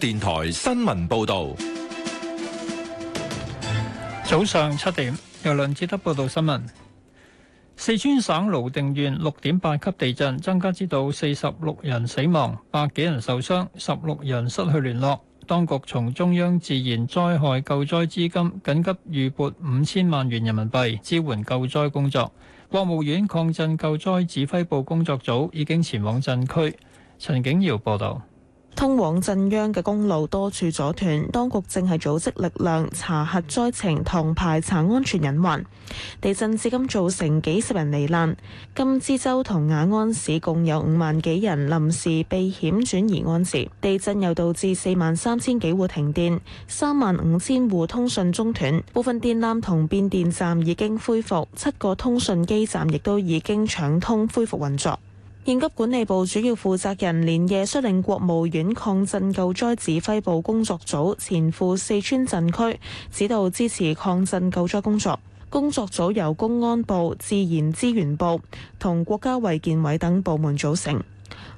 電台新聞報道，早上七點，由梁志德報道新聞。四川省瀘定縣六點八級地震，增加至到四十六人死亡，百幾人受傷，十六人失去聯絡。當局從中央自然災害救災資金緊急預撥五千萬元人民幣支援救災工作。國務院抗震救災指揮部工作組已經前往震區。陳景瑤報道。通往震央嘅公路多處阻斷，當局正係組織力量查核災情同排查安全隱患。地震至今造成幾十人罹難，甘孜州同雅安市共有五萬幾人臨時避險轉移安置。地震又導致四萬三千幾戶停電，三萬五千戶通訊中斷。部分電纜同變電站已經恢復，七個通訊基站亦都已經搶通恢復運作。應急管理部主要負責人連夜率領國務院抗震救災指揮部工作組前赴四川震區，指導支持抗震救災工作。工作組由公安部、自然資源部同國家衛健委等部門組成。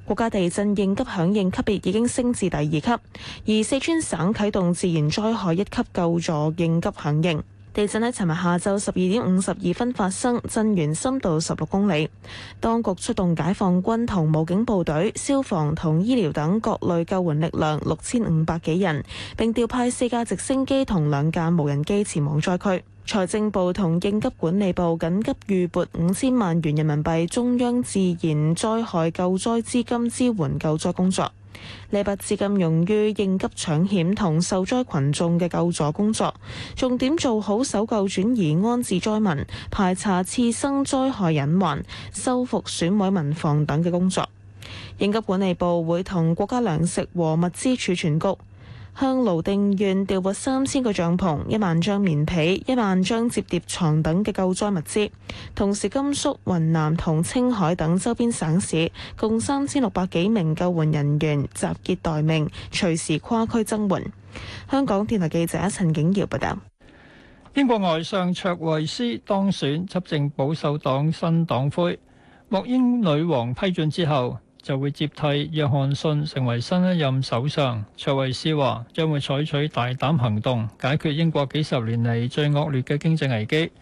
國家地震應急響應級別已經升至第二級，而四川省啟動自然災害一級救助應急響應。地震喺尋日下晝十二點五十二分發生，震源深度十六公里。當局出動解放軍同武警部隊、消防同醫療等各類救援力量六千五百幾人，並調派四架直升機同兩架無人機前往災區。財政部同應急管理部緊急預撥五千萬元人民幣中央自然災害救災資金支援救災工作。呢筆資金用於應急搶險同受災群眾嘅救助工作，重點做好搜救、轉移、安置災民、排查次生災害隱患、修復損毀民房等嘅工作。應急管理部會同國家糧食和物資儲存局，向瀘定縣調撥三千個帳篷、一萬張棉被、一萬張摺疊牀等嘅救災物資，同時甘肅、雲南同青海等周邊省市共三千六百幾名救援人員集結待命，隨時跨區增援。香港電台記者陳景堯報道。英國外相卓慧思當選執政保守黨新黨魁，莫英女王批准之後，就會接替約翰遜成為新一任首相。卓維斯話將會採取大膽行動，解決英國幾十年嚟最惡劣嘅經濟危機。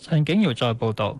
陳景瑤再報導。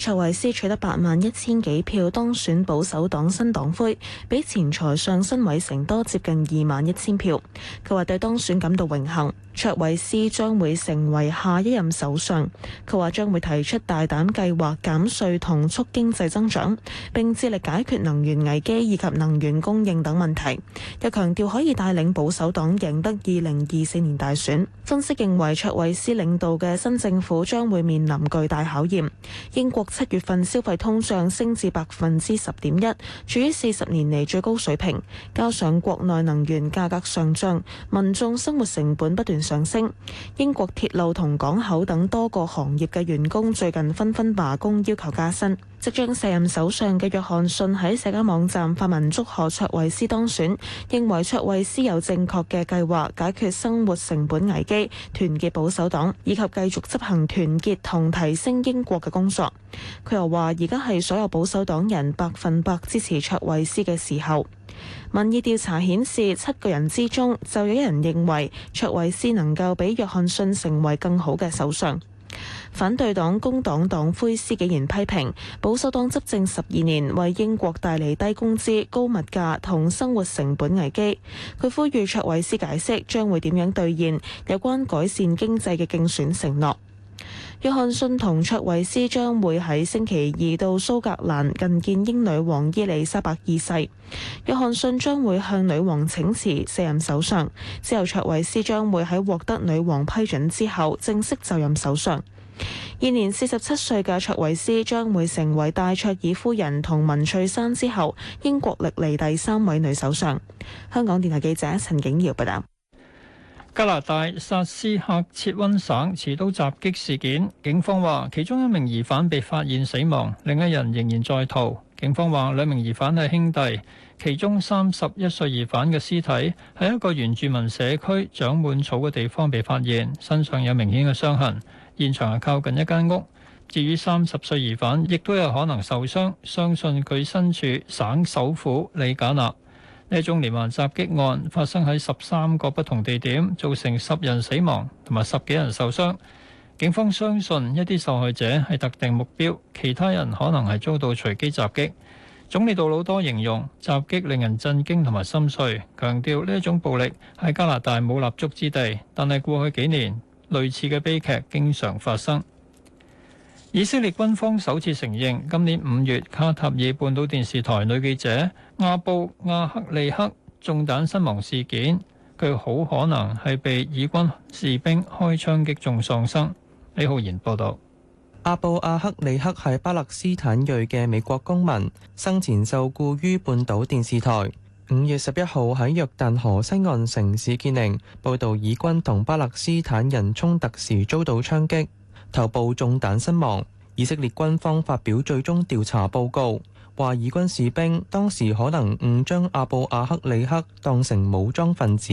卓慧思取得八萬一千幾票當選保守黨新黨魁，比前財相辛偉誠多接近二萬一千票。佢話對當選感到榮幸。卓慧思將會成為下一任首相。佢話將會提出大膽計劃減稅同促經濟增長，並致力解決能源危機以及能源供應等問題。又強調可以帶領保守黨贏得二零二四年大選。分析認為卓慧思領導嘅新政府將會面臨巨大考驗。英國。七月份消費通脹升至百分之十點一，處於四十年嚟最高水平。加上國內能源價格上漲，民眾生活成本不斷上升。英國鐵路同港口等多個行業嘅員工最近紛紛罷工，要求加薪。即將卸任首相嘅約翰遜喺社交網站發文祝賀卓慧斯當選，認為卓慧斯有正確嘅計劃解決生活成本危機，團結保守黨以及繼續執行團結同提升英國嘅工作。佢又話：而家係所有保守黨人百分百支持卓慧斯嘅時候。民意調查顯示，七個人之中就有一人認為卓慧斯能夠比約翰遜成為更好嘅首相。反對黨工黨黨魁施紀賢批評保守黨執政十二年為英國帶嚟低工資、高物價同生活成本危機。佢呼籲卓慧思解釋將會點樣兌現有關改善經濟嘅競選承諾。約翰遜同卓維斯將會喺星期二到蘇格蘭近見英女王伊麗莎白二世。約翰遜將會向女王請辭卸任首相，之後卓維斯將會喺獲得女王批准之後正式就任首相。現年四十七歲嘅卓維斯將會成為戴卓爾夫人同文翠珊之後英國歷嚟第三位女首相。香港電台記者陳景堯報道。加拿大薩斯克切溫省持刀襲擊事件，警方話其中一名疑犯被發現死亡，另一人仍然在逃。警方話兩名疑犯係兄弟，其中三十一歲疑犯嘅屍體喺一個原住民社區長滿草嘅地方被發現，身上有明顯嘅傷痕。現場係靠近一間屋。至於三十歲疑犯，亦都有可能受傷，相信佢身處省首府里賈納。呢一種連環襲擊案發生喺十三個不同地點，造成十人死亡同埋十幾人受傷。警方相信一啲受害者係特定目標，其他人可能係遭到隨機襲擊。總理杜魯多形容襲擊令人震驚同埋心碎，強調呢一種暴力喺加拿大冇立足之地。但係過去幾年類似嘅悲劇經常發生。以色列軍方首次承認，今年五月卡塔爾半島電視台女記者阿布阿克利克中彈身亡事件，佢好可能係被以軍士兵開槍擊中喪生。李浩然報導。阿布阿克利克係巴勒斯坦裔嘅美國公民，生前受僱於半島電視台。五月十一號喺約旦河西岸城市建寧，報導以軍同巴勒斯坦人衝突時遭到槍擊。頭部中彈身亡，以色列軍方發表最終調查報告，話以軍士兵當時可能誤將阿布亞克里克當成武裝分子。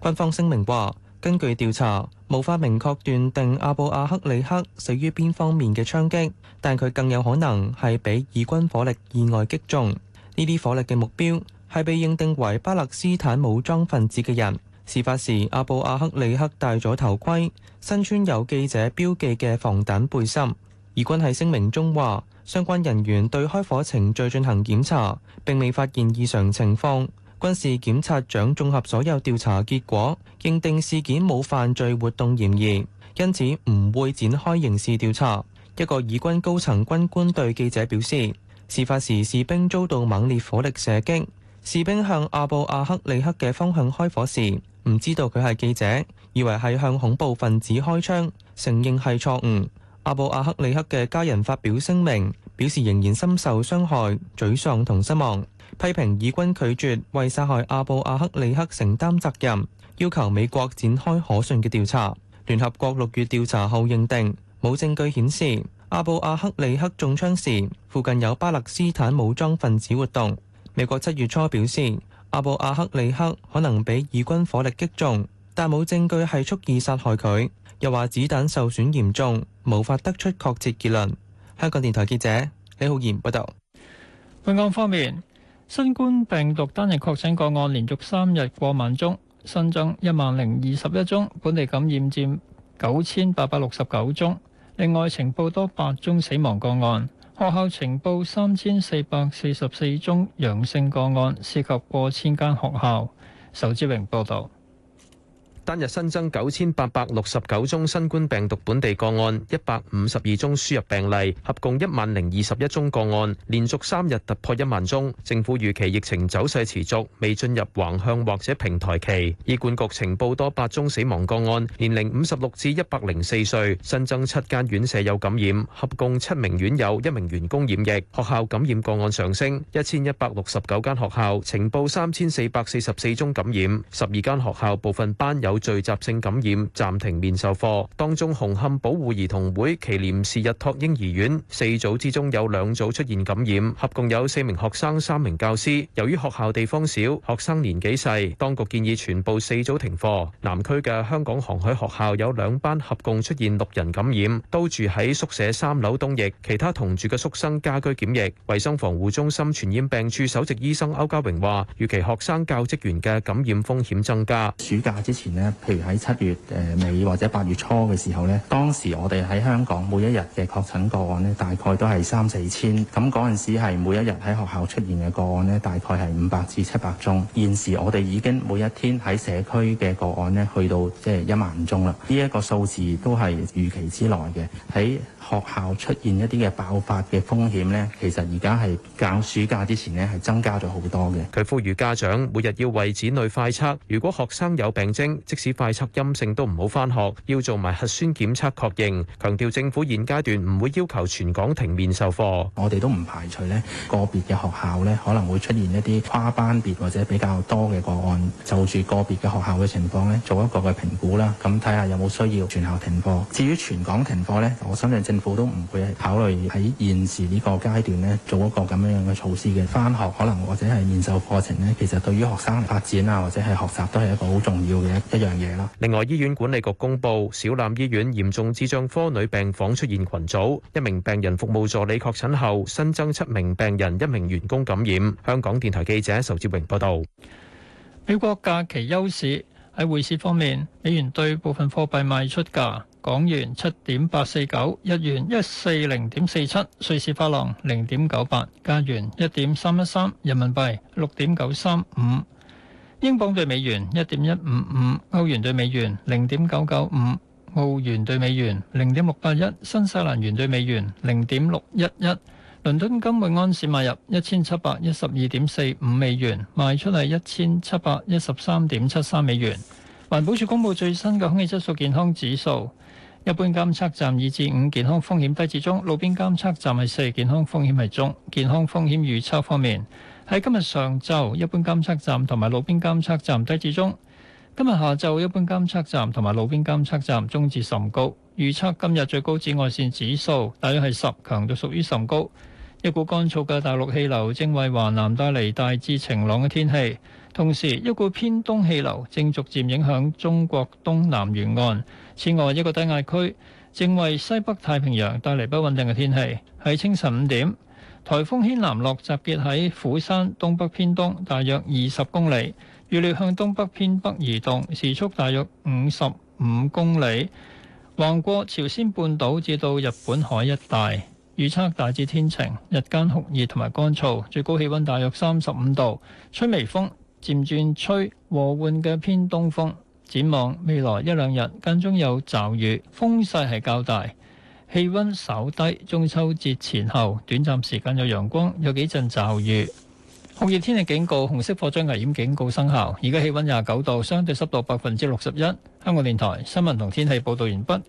軍方聲明話，根據調查，無法明確斷定阿布亞克里克死於邊方面嘅槍擊，但佢更有可能係俾以軍火力意外擊中。呢啲火力嘅目標係被認定為巴勒斯坦武裝分子嘅人。事發時，阿布阿克里克戴咗頭盔，身穿有記者標記嘅防彈背心。以軍喺聲明中話，相關人員對開火程序進行檢查，並未發現異常情況。軍事檢察長綜合所有調查結果，認定事件冇犯罪活動嫌疑，因此唔會展開刑事調查。一個以軍高層軍官對記者表示，事發時士兵遭到猛烈火力射擊。士兵向阿布阿克利克嘅方向開火時，唔知道佢係記者，以為係向恐怖分子開槍，承認係錯誤。阿布阿克利克嘅家人發表聲明，表示仍然深受傷害、沮喪同失望，批評以軍拒絕為殺害阿布阿克利克承擔責任，要求美國展開可信嘅調查。聯合國六月調查後認定，冇證據顯示阿布阿克利克中槍時附近有巴勒斯坦武裝分子活動。美國七月初表示，阿布阿克里克可能被以軍火力擊中，但冇證據係蓄意殺害佢。又話子彈受損嚴重，無法得出確切結論。香港電台記者李浩然報道。本港方面，新冠病毒單日確診個案連續三日過萬宗，新增一萬零二十一宗，本地感染佔九千八百六十九宗。另外，情報多八宗死亡個案。學校情報三千四百四十四宗陽性個案，涉及過千間學校。仇志榮報道。單日新增九千八百六十九宗新冠病毒本地個案，一百五十二宗輸入病例，合共一萬零二十一宗個案，連續三日突破一萬宗。政府預期疫情走勢持續，未進入橫向或者平台期。醫管局呈報多八宗死亡個案，年齡五十六至一百零四歲，新增七間院舍有感染，合共七名院友，一名員工染疫。學校感染個案上升，一千一百六十九間學校，呈報三千四百四十四宗感染，十二間學校部分班有。聚集性感染暫停面授課，當中紅磡保護兒童會祈廉士日托嬰兒院四組之中有兩組出現感染，合共有四名學生、三名教師。由於學校地方小，學生年紀細，當局建議全部四組停課。南區嘅香港航海學校有兩班合共出現六人感染，都住喺宿舍三樓東翼，其他同住嘅宿生家居檢疫。衛生防護中心傳染病處首席醫生歐家榮話，預期學生教職員嘅感染風險增加，暑假之前咧。譬如喺七月誒尾或者八月初嘅時候呢，當時我哋喺香港每一日嘅確診個案呢，大概都係三四千。咁嗰陣時係每一日喺學校出現嘅個案呢，大概係五百至七百宗。現時我哋已經每一天喺社區嘅個案呢，去到即係一萬宗啦。呢一個數字都係預期之內嘅。喺學校出現一啲嘅爆發嘅風險呢，其實而家係較暑假之前呢，係增加咗好多嘅。佢呼籲家長每日要為子女快測，如果學生有病徵。即使快測陰性都唔好翻學，要做埋核酸檢測確認，強調政府現階段唔會要求全港停面授課。我哋都唔排除咧個別嘅學校咧可能會出現一啲跨班別或者比較多嘅個案，就住個別嘅學校嘅情況咧做一個嘅評估啦，咁睇下有冇需要全校停課。至於全港停課咧，我相信政府都唔會考慮喺現時呢個階段咧做一個咁樣樣嘅措施嘅。翻學可能或者係面授課程咧，其實對於學生發展啊或者係學習都係一個好重要嘅一另外，醫院管理局公布，小欖醫院嚴重智障科女病房出現群組，一名病人服務助理確診後，新增七名病人，一名員工感染。香港電台記者仇志榮報導。美國假期休市，喺匯市方面，美元對部分貨幣賣出價：港元七點八四九，日元一四零點四七，瑞士法郎零點九八，加元一點三一三，人民幣六點九三五。英鎊兌美元一點一五五，歐元兌美元零點九九五，澳元兌美元零點六八一，新西蘭元兌美元零點六一一。倫敦金每安士買入一千七百一十二點四五美元，賣出係一千七百一十三點七三美元。環保署公布最新嘅空氣質素健康指數，一般監測站二至五健康風險低至中，路邊監測站係四，健康風險係中。健康風險預測方面。喺今日上晝一般監測站同埋路邊監測站低至中；今日下晝一般監測站同埋路邊監測站中至甚高。預測今日最高紫外線指數大約係十，強度屬於甚高。一股乾燥嘅大陸氣流正為華南帶嚟大致晴朗嘅天氣，同時一股偏東氣流正逐漸影響中國東南沿岸。此外，一個低壓區正為西北太平洋帶嚟不穩定嘅天氣，喺清晨五點，颱風軒嵐諾集結喺釜山東北偏東，大約二十公里，預料向東北偏北移動，時速大約五十五公里，橫過朝鮮半島至到日本海一帶。預測大致天晴，日間酷熱同埋乾燥，最高氣温大約三十五度，吹微風，漸轉吹和緩嘅偏東風。展望未來一兩日，間中有驟雨，風勢係較大。氣溫稍低，中秋節前後短暫時間有陽光，有幾陣驟雨。酷熱天氣警告，紅色火災危險警告生效。而家氣溫廿九度，相對濕度百分之六十一。香港電台新聞同天氣報道完畢。